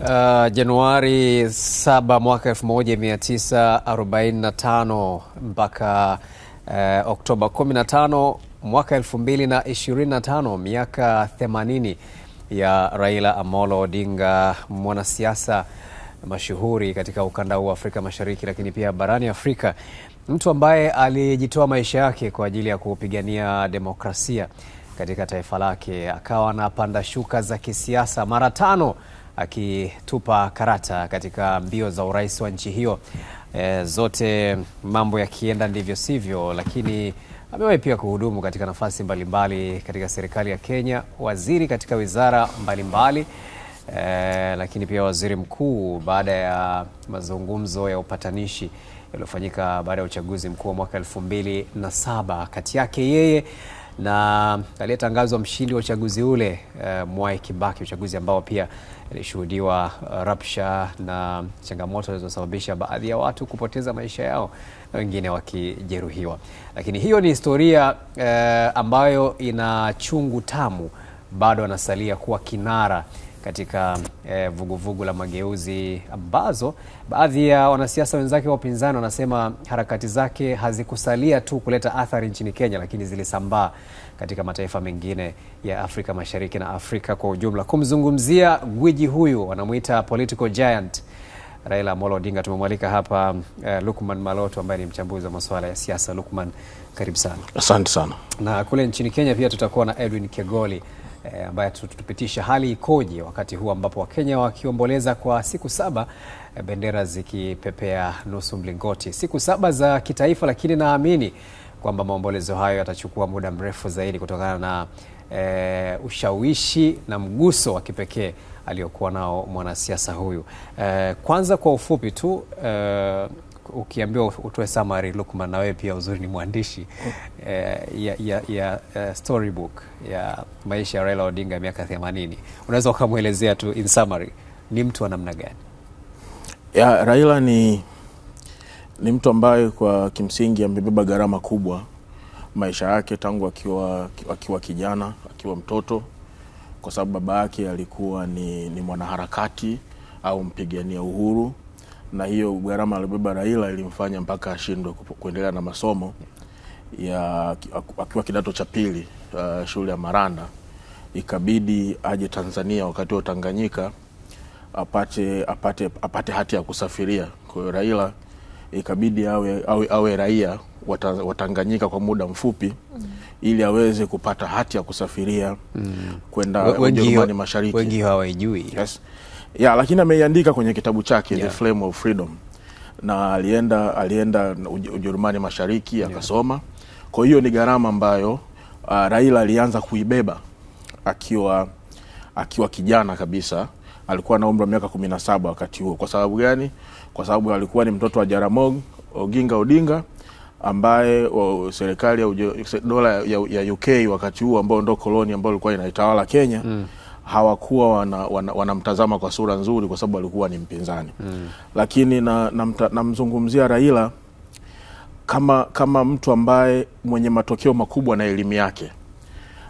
Uh, Januari 7 mwaka 1945 mpaka uh, Oktoba 15 mwaka 2025, miaka 80 ya Raila Amolo Odinga, mwanasiasa mashuhuri katika ukanda huu wa Afrika Mashariki, lakini pia barani Afrika, mtu ambaye alijitoa maisha yake kwa ajili ya kupigania demokrasia katika taifa lake, akawa na panda shuka za kisiasa mara tano akitupa karata katika mbio za urais wa nchi hiyo. E, zote mambo yakienda ndivyo sivyo, lakini amewahi pia kuhudumu katika nafasi mbalimbali mbali katika serikali ya Kenya, waziri katika wizara mbalimbali mbali. E, lakini pia waziri mkuu baada ya mazungumzo ya upatanishi yaliyofanyika baada ya uchaguzi mkuu wa mwaka elfu mbili na saba kati yake yeye na aliyetangazwa mshindi wa uchaguzi ule uh, Mwai Kibaki, uchaguzi ambao pia ilishuhudiwa uh, rapsha na changamoto zilizosababisha baadhi ya watu kupoteza maisha yao na wengine wakijeruhiwa. Lakini hiyo ni historia uh, ambayo ina chungu tamu, bado anasalia kuwa kinara katika eh, vuguvugu eh, vugu la mageuzi ambazo baadhi ya wanasiasa wenzake wa upinzani wanasema harakati zake hazikusalia tu kuleta athari nchini Kenya, lakini zilisambaa katika mataifa mengine ya Afrika Mashariki na Afrika kwa ujumla. Kumzungumzia gwiji huyu wanamwita political giant Raila Amolo Odinga, tumemwalika hapa eh, Lukman Maloto ambaye ni mchambuzi wa masuala ya siasa. Lukman, karibu sana. Asante sana. Na kule nchini Kenya pia tutakuwa na Edwin Kegoli e, eh, ambaye tutupitisha hali ikoje wakati huu ambapo Wakenya wakiomboleza kwa siku saba e, bendera zikipepea nusu mlingoti, siku saba za kitaifa, lakini naamini kwamba maombolezo hayo yatachukua muda mrefu zaidi kutokana na e, ushawishi na mguso wa kipekee aliyokuwa nao mwanasiasa huyu. E, kwanza kwa ufupi tu e, ukiambiwa utoe summary, Lukman, na wewe pia uzuri ni mwandishi eh, ya, ya, ya uh, storybook ya maisha ya Raila Odinga ya miaka 80, unaweza ukamwelezea tu in summary, ni mtu wa namna gani? Ya, Raila ni, ni mtu ambaye kwa kimsingi amebeba gharama kubwa maisha yake tangu akiwa, akiwa kijana akiwa mtoto kwa sababu baba yake alikuwa ni, ni mwanaharakati au mpigania uhuru na hiyo gharama alibeba Raila ilimfanya mpaka ashindwe kuendelea na masomo ya akiwa kidato cha pili uh, shule ya Maranda, ikabidi aje Tanzania wakati wa Tanganyika apate, apate, apate hati ya kusafiria. Kwa hiyo Raila ikabidi awe, awe, awe raia wa Tanganyika kwa muda mfupi mm. ili aweze kupata hati ya kusafiria mm. kwenda Ujerumani Mashariki. Wengi hawajui yes ya, lakini ameiandika kwenye kitabu chake yeah. The Flame of Freedom na alienda alienda Ujerumani Mashariki akasoma yeah. Kwa hiyo ni gharama ambayo uh, Raila alianza kuibeba akiwa akiwa kijana kabisa, alikuwa na umri wa miaka 17 wakati huo. Kwa sababu gani? Kwa sababu alikuwa ni mtoto wa Jaramogi Oginga Odinga ambaye serikali ya dola ya, ya UK wakati huo ambao ndo koloni ambayo ilikuwa inaitawala Kenya mm hawakuwa wanamtazama wana, wana kwa sura nzuri kwa sababu alikuwa ni mpinzani mm. Lakini namzungumzia na, na Raila kama, kama mtu ambaye mwenye matokeo makubwa na elimu yake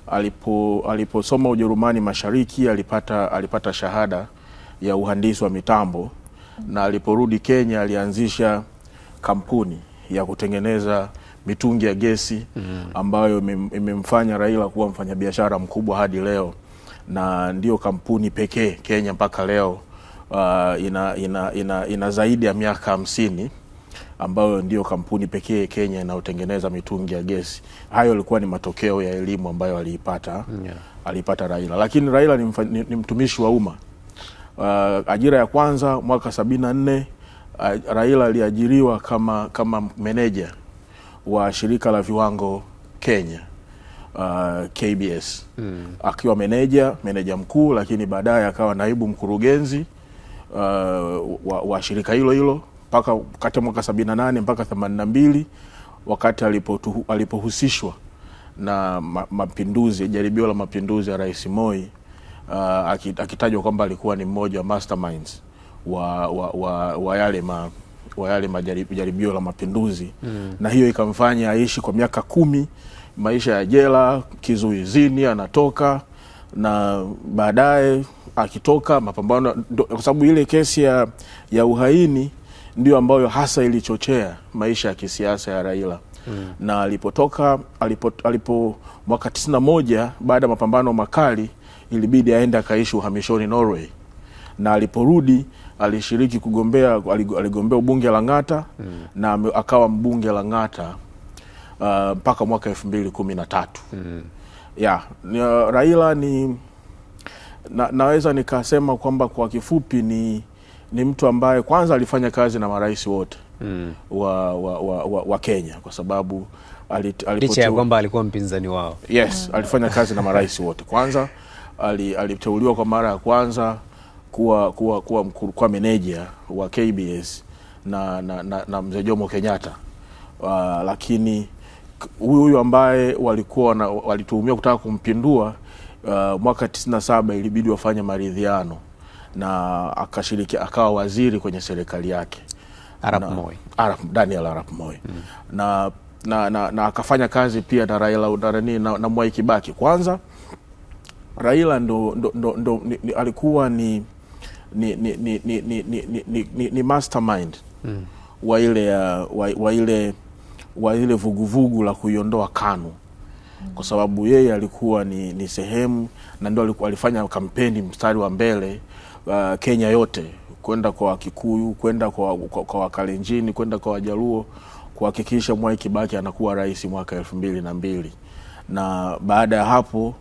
alipo aliposoma Ujerumani Mashariki alipata, alipata shahada ya uhandisi wa mitambo na aliporudi Kenya alianzisha kampuni ya kutengeneza mitungi ya gesi hmm. ambayo imemfanya Raila kuwa mfanyabiashara mkubwa hadi leo na ndio kampuni pekee Kenya mpaka leo uh, ina, ina, ina, ina zaidi ya miaka hamsini ambayo ndiyo kampuni pekee Kenya inayotengeneza mitungi ya gesi. Hayo yalikuwa ni matokeo ya elimu ambayo aliipata, yeah. aliipata Raila, lakini Raila ni, mfa, ni, ni mtumishi wa umma uh, ajira ya kwanza mwaka sabini na nne uh, Raila aliajiriwa kama, kama meneja wa shirika la viwango Kenya uh, KBS mm. akiwa meneja meneja mkuu, lakini baadaye akawa naibu mkurugenzi uh, wa, wa shirika hilo hilo mpaka kati ya mwaka 78 mpaka 82 wakati alipohusishwa na mapinduzi jaribio la mapinduzi ya Rais Moi uh, akitajwa kwamba alikuwa ni mmoja wa masterminds wa, wa, wa, wa yale ma, wa yale majaribio la mapinduzi mm. na hiyo ikamfanya aishi kwa miaka kumi maisha ya jela, kizuizini, anatoka na baadaye akitoka mapambano, kwa sababu ile kesi ya, ya uhaini ndio ambayo hasa ilichochea maisha ya kisiasa ya Raila. Mm. Na alipotoka alipo, alipo mwaka tisini na moja baada ya mapambano makali ilibidi aende akaishi uhamishoni Norway, na aliporudi alishiriki kugombea, aligombea ubunge Ng'ata mm. na akawa mbunge la ng'ata Uh, mpaka uh, mwaka elfu mbili kumi na tatu mm. yeah. Uh, Raila ni na, naweza nikasema kwamba kwa kifupi ni, ni mtu ambaye kwanza alifanya kazi na marais wote mm. wa, wa, wa, wa, wa Kenya kwa sababu licha ya kwamba alikuwa mpinzani wao yes, mm. alifanya kazi na marais wote. Kwanza aliteuliwa kwa mara ya kwanza kuwa kuwa, kuwa, kuwa, kuwa meneja wa KBS na, na, na, na mzee Jomo Kenyatta uh, lakini huyu huyu ambaye walikuwa walituhumiwa kutaka kumpindua uh, mwaka 97 ilibidi wafanye maridhiano na akashiriki akawa waziri kwenye serikali yake Arap Moi. Arap Daniel Arap Moi. Mm. Na, na, na, na akafanya kazi pia na Raila Udarani na, na Mwai Kibaki. Kwanza Raila ndo, ndo, ndo, ndo ni, ni, alikuwa ni ni ni ni ni ni, ni, ni, ni mastermind mm. wa ile wa, wa ile wa ile vuguvugu la kuiondoa KANU kwa sababu yeye alikuwa ni, ni sehemu na ndio alifanya kampeni mstari wa mbele uh, Kenya yote kwenda kwa Wakikuyu, kwenda kwa, kwa, kwa Wakalenjini, kwenda kwa Wajaluo kuhakikisha Mwai Kibaki anakuwa rais mwaka elfu mbili na mbili na baada ya hapo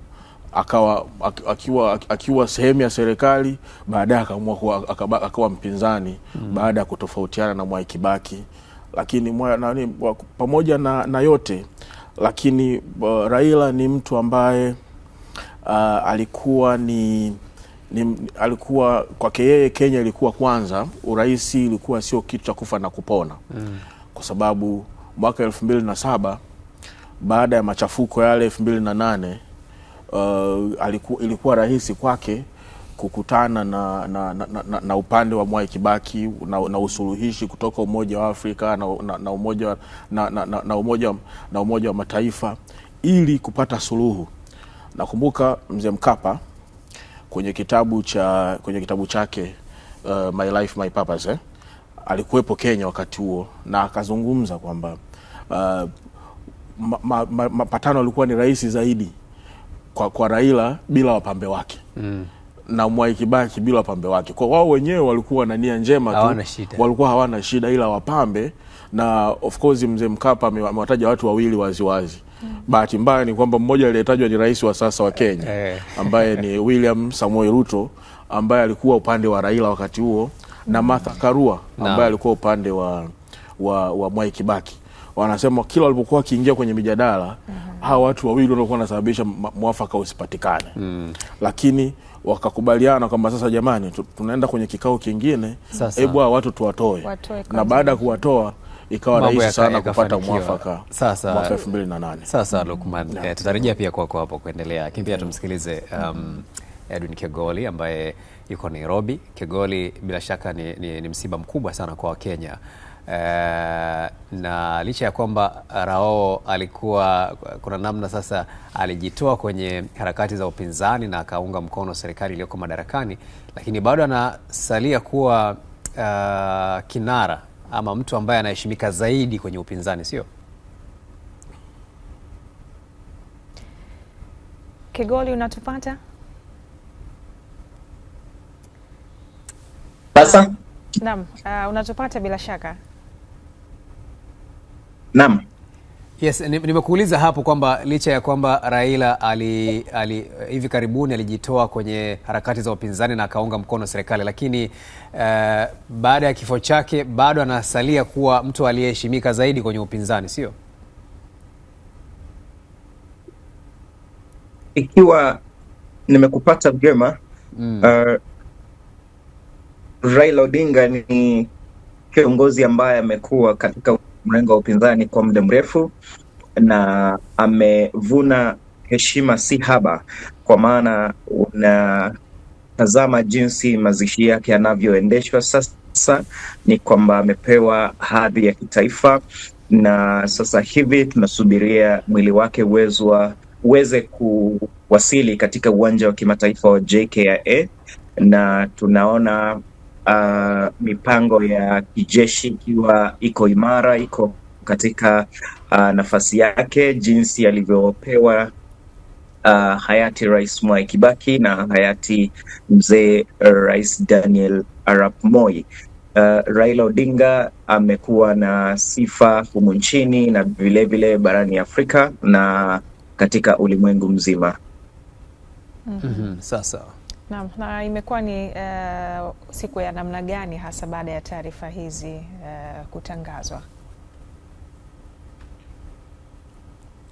akawa akiwa, akiwa sehemu ya serikali baadaye akaamua akawa mpinzani mm. baada ya kutofautiana na Mwai Kibaki lakini mwa, nani, pamoja na, na yote lakini uh, Raila ni mtu ambaye uh, alikuwa ni, ni alikuwa kwake yeye Kenya ilikuwa kwanza, urais ilikuwa sio kitu cha kufa na kupona mm. kwa sababu mwaka elfu mbili na saba baada ya machafuko yale elfu mbili na nane uh, ilikuwa rahisi kwake kukutana na, na, na, na, na upande wa Mwai Kibaki na, na usuluhishi kutoka Umoja wa Afrika na, na, na, umoja, na, na, na, na, umoja, na Umoja wa Mataifa ili kupata suluhu. Nakumbuka Mzee Mkapa kwenye kitabu cha kwenye kitabu chake uh, My Life My Purpose eh? Alikuwepo Kenya wakati huo na akazungumza kwamba uh, mapatano ma, ma, alikuwa ni rahisi zaidi kwa, kwa Raila bila wapambe wake mm na Mwai Kibaki bila wapambe wake. Kwa wao wenyewe walikuwa na nia njema tu, walikuwa hawana shida ila wapambe, na of course mzee Mkapa amewataja watu wawili waziwazi. Mm. Bahati mbaya ni kwamba mmoja aliyetajwa ni rais wa sasa wa Kenya eh. ambaye ni William Samoei Ruto ambaye alikuwa upande wa Raila wakati huo na mm. Martha Karua ambaye alikuwa upande wa, wa, wa Mwai Kibaki. Wanasema kila walipokuwa wakiingia kwenye mijadala mm-hmm. hawa watu wawili wanaokuwa wanasababisha mwafaka usipatikane, mm. lakini wakakubaliana kwamba sasa jamani, tunaenda kwenye kikao kingine, hebu hawa watu tuwatoe, na baada ya kuwatoa ikawa rahisi sana kupata mwafaka mwaka elfu mbili na nane. Sasa Lukman, yeah. Eh, tutarejea pia kwako hapo kuendelea, lakini pia tumsikilize um, Edwin Kegoli ambaye yuko Nairobi. Kegoli, bila shaka ni, ni, ni msiba mkubwa sana kwa Wakenya. Eh, na licha ya kwamba rao alikuwa kuna namna sasa alijitoa kwenye harakati za upinzani na akaunga mkono serikali iliyoko madarakani, lakini bado anasalia kuwa uh, kinara ama mtu ambaye anaheshimika zaidi kwenye upinzani, sio? Kigoli, unatupata sasa? Naam, uh, unatupata bila shaka. Naam. Yes, nimekuuliza hapo kwamba licha ya kwamba Raila ali, ali, hivi karibuni alijitoa kwenye harakati za upinzani na akaunga mkono serikali, lakini uh, baada ya kifo chake bado anasalia kuwa mtu aliyeheshimika zaidi kwenye upinzani, sio? Ikiwa nimekupata vyema mm. Uh, Raila Odinga ni kiongozi ambaye amekuwa katika mrengo wa upinzani kwa muda mrefu na amevuna heshima si haba, kwa maana unatazama jinsi mazishi yake yanavyoendeshwa sasa, ni kwamba amepewa hadhi ya kitaifa, na sasa hivi tunasubiria mwili wake uwezwa uweze kuwasili katika uwanja wa kimataifa wa jka na tunaona uh, mipango ya kijeshi ikiwa iko imara, iko katika uh, nafasi yake jinsi alivyopewa uh, hayati Rais Mwai Kibaki na hayati mzee Rais Daniel Arap Moi. Uh, Raila Odinga amekuwa na sifa humu nchini na vilevile vile barani Afrika na katika ulimwengu mzima. mm -hmm. Sasa Naam, na imekuwa ni uh, siku ya namna gani hasa baada ya taarifa hizi uh, kutangazwa?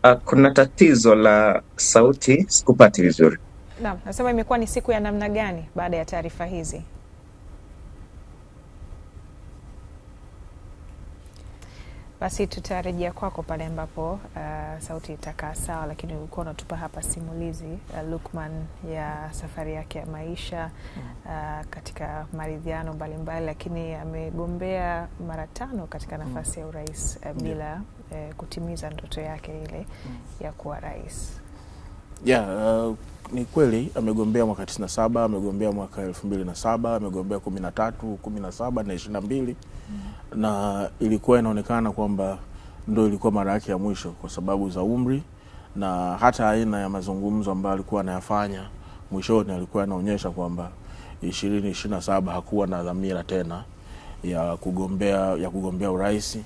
Uh, kuna tatizo la sauti, sikupati vizuri. Naam, nasema imekuwa ni siku ya namna gani baada ya taarifa hizi? Basi tutarejea kwako pale ambapo uh, sauti itakaa sawa, lakini ulikuwa unatupa hapa simulizi uh, Lukman ya safari yake ya maisha mm. uh, katika maridhiano mbalimbali, lakini amegombea mara tano katika mm. nafasi ya urais uh, bila uh, kutimiza ndoto yake ile mm. ya kuwa rais. Yeah, uh, ni kweli amegombea mwaka 97, amegombea mwaka 2007, amegombea 13, 17 na 22 mm. Mm-hmm. na ilikuwa inaonekana kwamba ndo ilikuwa mara yake ya mwisho kwa sababu za umri na hata aina ya mazungumzo ambayo alikuwa anayafanya mwishoni, alikuwa anaonyesha kwamba 2027 hakuwa na dhamira tena ya kugombea ya kugombea urais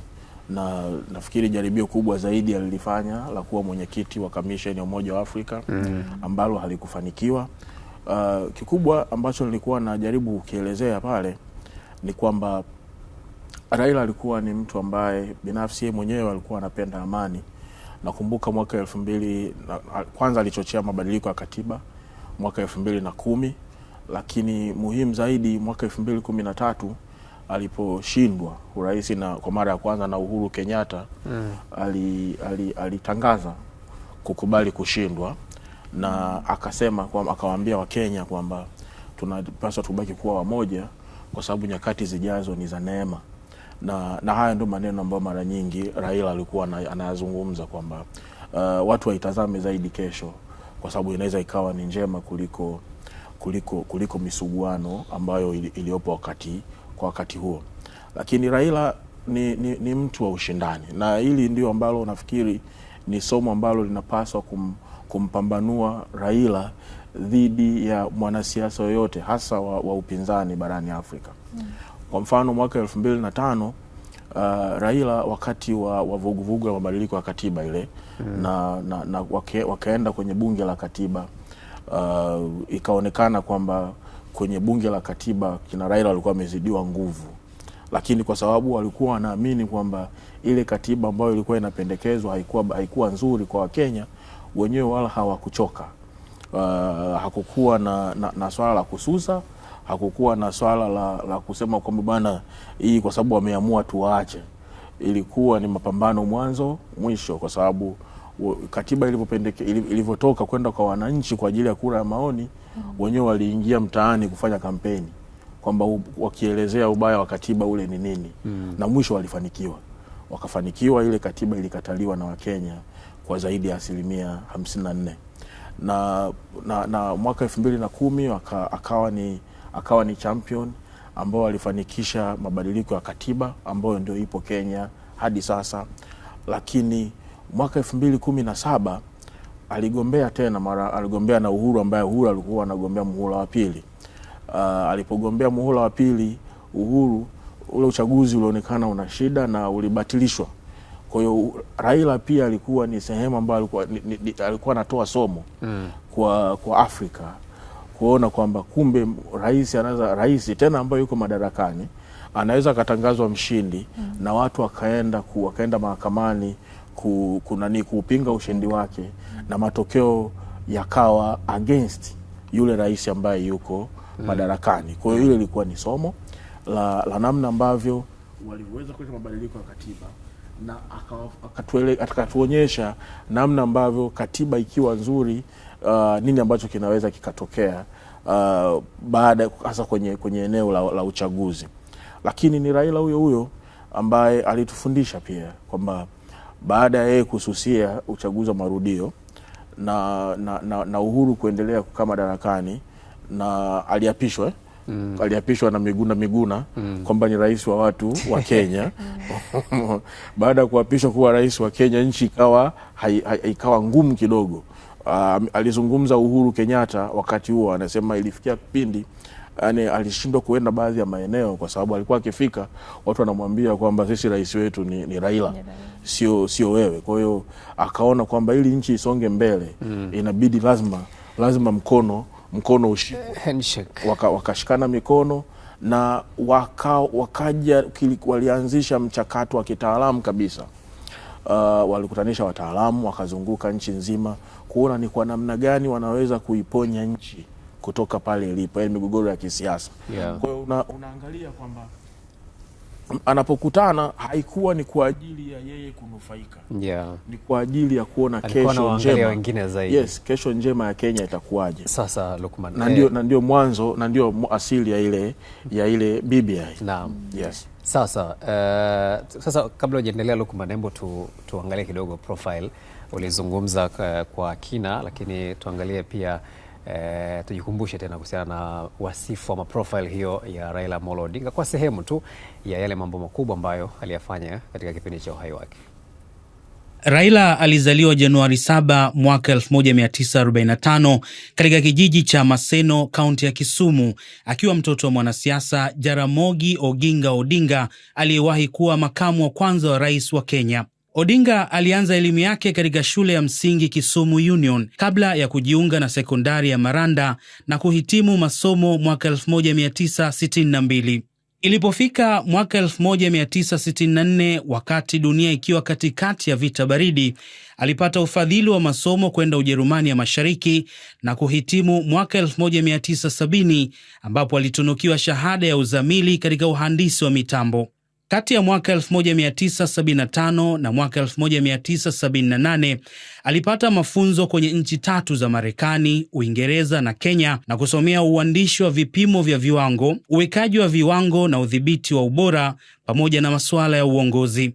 na nafikiri jaribio kubwa zaidi alilifanya la kuwa mwenyekiti wa kamisheni ya Umoja wa Afrika mm. ambalo halikufanikiwa. Uh, kikubwa ambacho nilikuwa najaribu kukielezea pale ni kwamba Raila alikuwa ni mtu ambaye binafsi yeye mwenyewe alikuwa anapenda amani. Nakumbuka mwaka elfu mbili na, kwanza alichochea mabadiliko ya katiba mwaka elfu mbili na kumi lakini muhimu zaidi mwaka elfu mbili kumi na tatu aliposhindwa urais na kwa mara ya kwanza na Uhuru Kenyatta mm. alitangaza ali, ali kukubali kushindwa na akasema kwa, akawaambia Wakenya kwamba tunapaswa tubaki kuwa wamoja kwa sababu nyakati zijazo ni za neema na, na haya ndio maneno ambayo mara nyingi Raila alikuwa anayazungumza kwamba uh, watu waitazame zaidi kesho kwa sababu inaweza ikawa ni njema kuliko kuliko kuliko misuguano ambayo iliyopo wakati kwa wakati huo, lakini Raila ni, ni, ni mtu wa ushindani, na hili ndio ambalo nafikiri ni somo ambalo linapaswa kum, kumpambanua Raila dhidi ya mwanasiasa yoyote hasa wa, wa upinzani barani Afrika mm. Kwa mfano mwaka elfu mbili na tano uh, Raila wakati wa vuguvugu la mabadiliko ya katiba ile mm. na, na, na wake, wakaenda kwenye bunge la katiba uh, ikaonekana kwamba kwenye bunge la katiba kina Raila walikuwa wamezidiwa nguvu, lakini kwa sababu walikuwa wanaamini kwamba ile katiba ambayo ilikuwa inapendekezwa haikuwa, haikuwa nzuri kwa Wakenya wenyewe, wala hawakuchoka. Uh, hakukuwa na, na, na swala la kususa, hakukuwa na swala la, la kusema kwamba bana hii kwa sababu wameamua tuwaache. Ilikuwa ni mapambano mwanzo mwisho, kwa sababu katiba ilivyotoka kwenda kwa wananchi kwa ajili ya kura ya maoni mm wenyewe waliingia mtaani kufanya kampeni kwamba wakielezea ubaya wa katiba ule ni nini mm na mwisho walifanikiwa, wakafanikiwa. Ile katiba ilikataliwa na Wakenya kwa zaidi ya asilimia hamsini na nne na, na, na mwaka elfu mbili na kumi waka, akawa, ni, akawa ni champion ambao alifanikisha mabadiliko ya katiba ambayo ndio ipo Kenya hadi sasa, lakini mwaka elfu mbili kumi na saba aligombea tena mara, aligombea na Uhuru ambaye Uhuru alikuwa anagombea muhula wa pili. Uh, alipogombea muhula wa pili Uhuru, ule uchaguzi ulionekana una shida na ulibatilishwa. Kwa hiyo Raila pia alikuwa ni sehemu ambayo alikuwa, alikuwa anatoa somo mm. kwa, kwa Afrika kuona kwamba kumbe rais anaweza, rais tena ambayo yuko madarakani anaweza akatangazwa mshindi mm. na watu wakaenda wakaenda mahakamani ku, kunani kuupinga ushindi wake na matokeo yakawa against yule rais ambaye yuko mm. madarakani. Kwa hiyo hilo ilikuwa ni somo la, la namna ambavyo walivyoweza kuleta mabadiliko ya katiba na akatuonyesha namna ambavyo katiba ikiwa nzuri uh, nini ambacho kinaweza kikatokea uh, baada hasa kwenye, kwenye eneo la, la uchaguzi. Lakini ni Raila huyo huyo ambaye alitufundisha pia kwamba baada ya yeye kususia uchaguzi wa marudio na, na, na, na Uhuru kuendelea kukaa madarakani na aliapishwa Mm. Aliapishwa na Miguna Miguna mm. kwamba ni rais wa watu wa Kenya. Baada ya kuapishwa kuwa rais wa Kenya, nchi ikawa ikawa ngumu kidogo. Uh, alizungumza Uhuru Kenyatta wakati huo, anasema ilifikia kipindi yani alishindwa kuenda baadhi ya maeneo kwa sababu alikuwa akifika watu wanamwambia kwamba sisi rais wetu ni, ni Raila sio sio wewe. Kwa hiyo akaona kwamba ili nchi isonge mbele mm. inabidi lazima lazima mkono mkono ushikwe, eh, waka, wakashikana mikono na waka, wakaja walianzisha mchakato wa kitaalamu kabisa. Uh, walikutanisha wataalamu wakazunguka nchi nzima kuona ni kwa namna gani wanaweza kuiponya nchi kutoka pale ilipo, yani migogoro ya kisiasa yeah. Kwa hiyo una, unaangalia kwamba anapokutana haikuwa ni kwa ajili ya yeye kunufaika yeah. Ni kwa ajili ya kuona kesho njema wengine zaidi. Yes, kesho njema ya Kenya itakuwaje? Sasa Lukman, na ndio eh. na ndio mwanzo na ndio asili ya ile ya ile BBI. Naam. Yes. Sasa uh, sasa kabla hujaendelea Lukman, hebu tu, tuangalie kidogo profile ulizungumza eh, kwa kina, lakini tuangalie pia E, tujikumbushe tena kuhusiana na wasifu ama profile hiyo ya Raila Amolo Odinga kwa sehemu tu ya yale mambo makubwa ambayo aliyafanya katika kipindi cha uhai wake. Raila alizaliwa Januari 7 mwaka 1945 katika kijiji cha Maseno, kaunti ya Kisumu, akiwa mtoto wa mwanasiasa Jaramogi Oginga Odinga aliyewahi kuwa makamu wa kwanza wa rais wa Kenya. Odinga alianza elimu yake katika shule ya msingi Kisumu Union kabla ya kujiunga na sekondari ya Maranda na kuhitimu masomo mwaka 1962. Ilipofika mwaka 1964, wakati dunia ikiwa katikati ya vita baridi, alipata ufadhili wa masomo kwenda Ujerumani ya Mashariki na kuhitimu mwaka 1970, ambapo alitunukiwa shahada ya uzamili katika uhandisi wa mitambo. Kati ya mwaka 1975 na mwaka 1978 alipata mafunzo kwenye nchi tatu za Marekani, Uingereza na Kenya na kusomea uandishi wa vipimo vya viwango, uwekaji wa viwango na udhibiti wa ubora pamoja na masuala ya uongozi.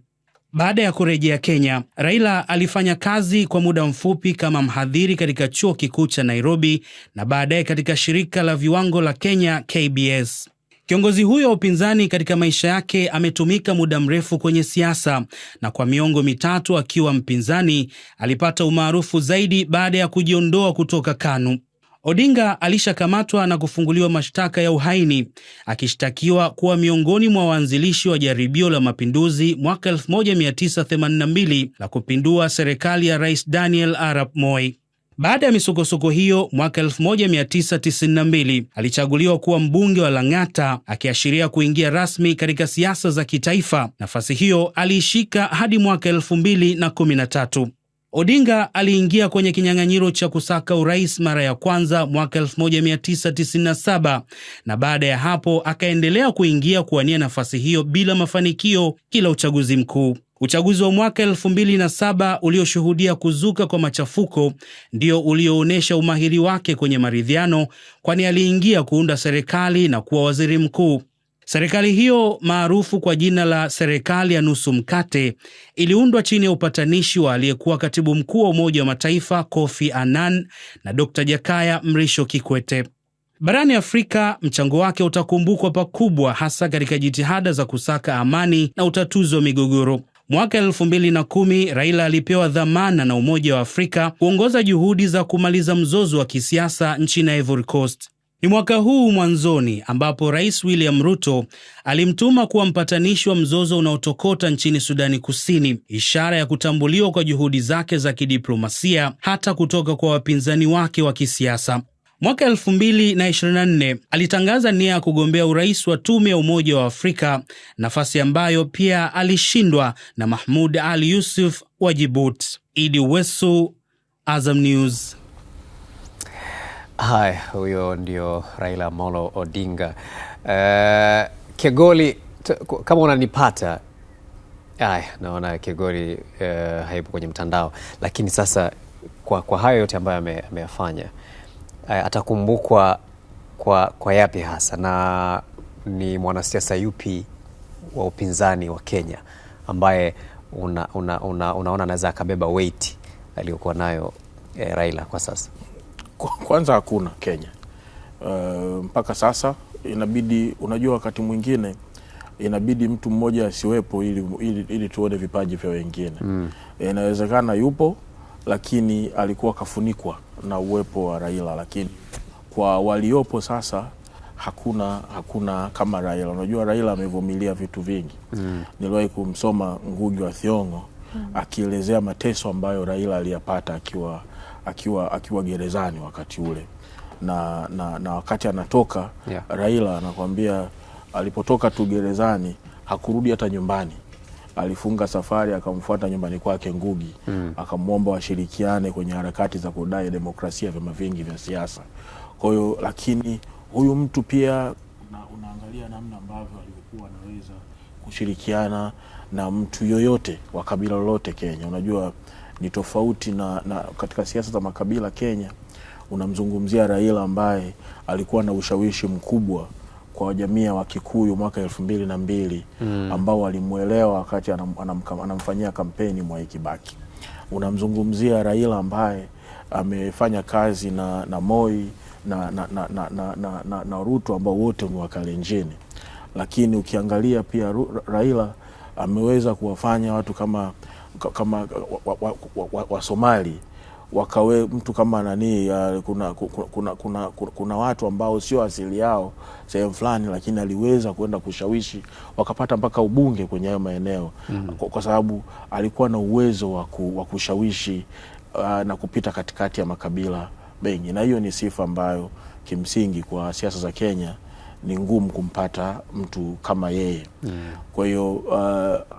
Baada ya kurejea Kenya, Raila alifanya kazi kwa muda mfupi kama mhadhiri katika chuo kikuu cha Nairobi na baadaye katika shirika la viwango la Kenya KBS. Kiongozi huyo wa upinzani katika maisha yake ametumika muda mrefu kwenye siasa na kwa miongo mitatu akiwa mpinzani alipata umaarufu zaidi baada ya kujiondoa kutoka KANU. Odinga alishakamatwa na kufunguliwa mashtaka ya uhaini akishtakiwa kuwa miongoni mwa waanzilishi wa jaribio la mapinduzi mwaka 1982 la kupindua serikali ya Rais Daniel Arap Moi. Baada ya misukosuko hiyo, mwaka 1992 alichaguliwa kuwa mbunge wa Lang'ata, akiashiria kuingia rasmi katika siasa za kitaifa. Nafasi hiyo aliishika hadi mwaka 2013. Odinga aliingia kwenye kinyang'anyiro cha kusaka urais mara ya kwanza mwaka 1997 na baada ya hapo akaendelea kuingia kuwania nafasi hiyo bila mafanikio kila uchaguzi mkuu. Uchaguzi wa mwaka 2007 ulioshuhudia kuzuka kwa machafuko ndio ulioonyesha umahiri wake kwenye maridhiano, kwani aliingia kuunda serikali na kuwa waziri mkuu. Serikali hiyo maarufu kwa jina la serikali ya nusu mkate iliundwa chini ya upatanishi wa aliyekuwa katibu mkuu wa Umoja wa Mataifa Kofi Annan na Dr. Jakaya Mrisho Kikwete. Barani Afrika, mchango wake utakumbukwa pakubwa, hasa katika jitihada za kusaka amani na utatuzi wa migogoro. Mwaka elfu mbili na kumi Raila alipewa dhamana na Umoja wa Afrika kuongoza juhudi za kumaliza mzozo wa kisiasa nchini Ivory Coast. Ni mwaka huu mwanzoni ambapo Rais William Ruto alimtuma kuwa mpatanishi wa mzozo unaotokota nchini Sudani Kusini, ishara ya kutambuliwa kwa juhudi zake za kidiplomasia hata kutoka kwa wapinzani wake wa kisiasa. Mwaka 2024 alitangaza nia ya kugombea urais wa tume ya Umoja wa Afrika, nafasi ambayo pia alishindwa na mahmud Ali Yusuf wa Jibut. Idi Wesu, Azam News. Haya, huyo ndio Raila molo Odinga. Uh, Kegoli, kama unanipata Haya, naona Kegoli uh, haipo kwenye mtandao, lakini sasa kwa, kwa hayo yote ambayo ameyafanya ame Eh, atakumbukwa kwa, kwa yapi hasa, na ni mwanasiasa yupi wa upinzani wa Kenya ambaye una, una, una, unaona anaweza akabeba weight aliyokuwa nayo eh, Raila kwa sasa? Kwanza hakuna Kenya uh, mpaka sasa inabidi, unajua wakati mwingine inabidi mtu mmoja asiwepo ili, ili, ili tuone vipaji vya wengine mm. Eh, inawezekana yupo lakini alikuwa kafunikwa na uwepo wa Raila, lakini kwa waliopo sasa hakuna hakuna kama Raila. Unajua, Raila amevumilia vitu vingi mm. Niliwahi kumsoma Ngugi wa Thiong'o mm. akielezea mateso ambayo Raila aliyapata akiwa, akiwa, akiwa gerezani wakati ule na, na, na wakati anatoka yeah. Raila anakuambia alipotoka tu gerezani hakurudi hata nyumbani alifunga safari akamfuata nyumbani kwake Ngugi mm. akamwomba washirikiane kwenye harakati za kudai demokrasia vyama vingi vya siasa. Kwa hiyo lakini huyu mtu pia una, unaangalia namna ambavyo alivyokuwa anaweza kushirikiana na mtu yoyote wa kabila lolote Kenya. Unajua ni tofauti na, na katika siasa za makabila Kenya unamzungumzia Raila ambaye alikuwa na ushawishi mkubwa kwa jamii ya Wakikuyu mwaka elfu mbili na mbili mm. ambao walimwelewa wakati anam, anam, anamfanyia kampeni Mwai Kibaki. Unamzungumzia Raila ambaye amefanya kazi na, na Moi na, na, na, na, na, na, na, na Ruto ambao wote ni Wakalenjini, lakini ukiangalia pia Raila ameweza kuwafanya watu kama kama wa, wa, wa, wa, wa wakawe mtu kama nani uh, kuna, kuna, kuna, kuna watu ambao sio asili yao sehemu fulani, lakini aliweza kwenda kushawishi wakapata mpaka ubunge kwenye hayo maeneo mm. kwa, kwa sababu alikuwa na uwezo wa kushawishi uh, na kupita katikati ya makabila mengi, na hiyo ni sifa ambayo kimsingi kwa siasa za Kenya ni ngumu kumpata mtu kama yeye mm. kwa hiyo uh,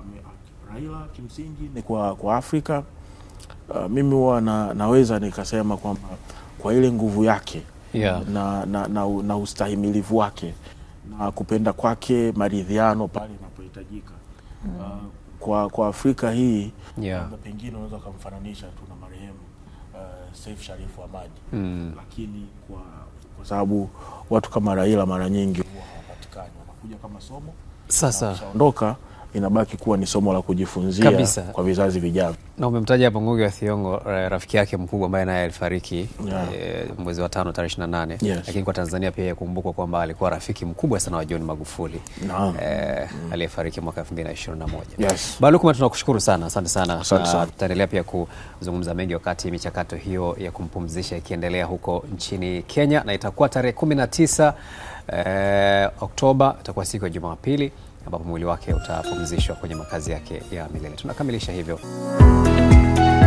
Raila kimsingi ni kwa, kwa Afrika uh, mimi huwa na, naweza nikasema kwamba kwa ile nguvu yake yeah. na, na, na, na ustahimilivu wake na kupenda kwake maridhiano pale inapohitajika mm. uh, kwa, kwa Afrika hii yeah. pengine unaweza ukamfananisha tu na marehemu uh, ah, Seif Sharif Hamad mm. lakini kwa, kwa sababu watu kama Raila mara nyingi huwa hawapatikani, wanakuja kama somo sasa ondoka inabaki kuwa ni somo la kujifunzia kabisa kwa vizazi vijavyo. Na umemtaja hapo Ngugi wa Thiong'o, eh, rafiki yake mkubwa ambaye naye alifariki yeah. e, mwezi wa tano tarehe 28 yes. Lakini kwa Tanzania pia yakumbukwa kwamba alikuwa rafiki mkubwa sana wa John Magufuli no. e, eh, mm. aliyefariki mwaka 2021 yes. Balukuma, tunakushukuru sana, asante ah, sana. Tutaendelea pia kuzungumza mengi wakati michakato hiyo ya kumpumzisha ikiendelea huko nchini Kenya, na itakuwa tarehe 19 e, Oktoba, itakuwa siku ya Jumapili ambapo mwili wake utapumzishwa kwenye makazi yake ya milele. Tunakamilisha hivyo.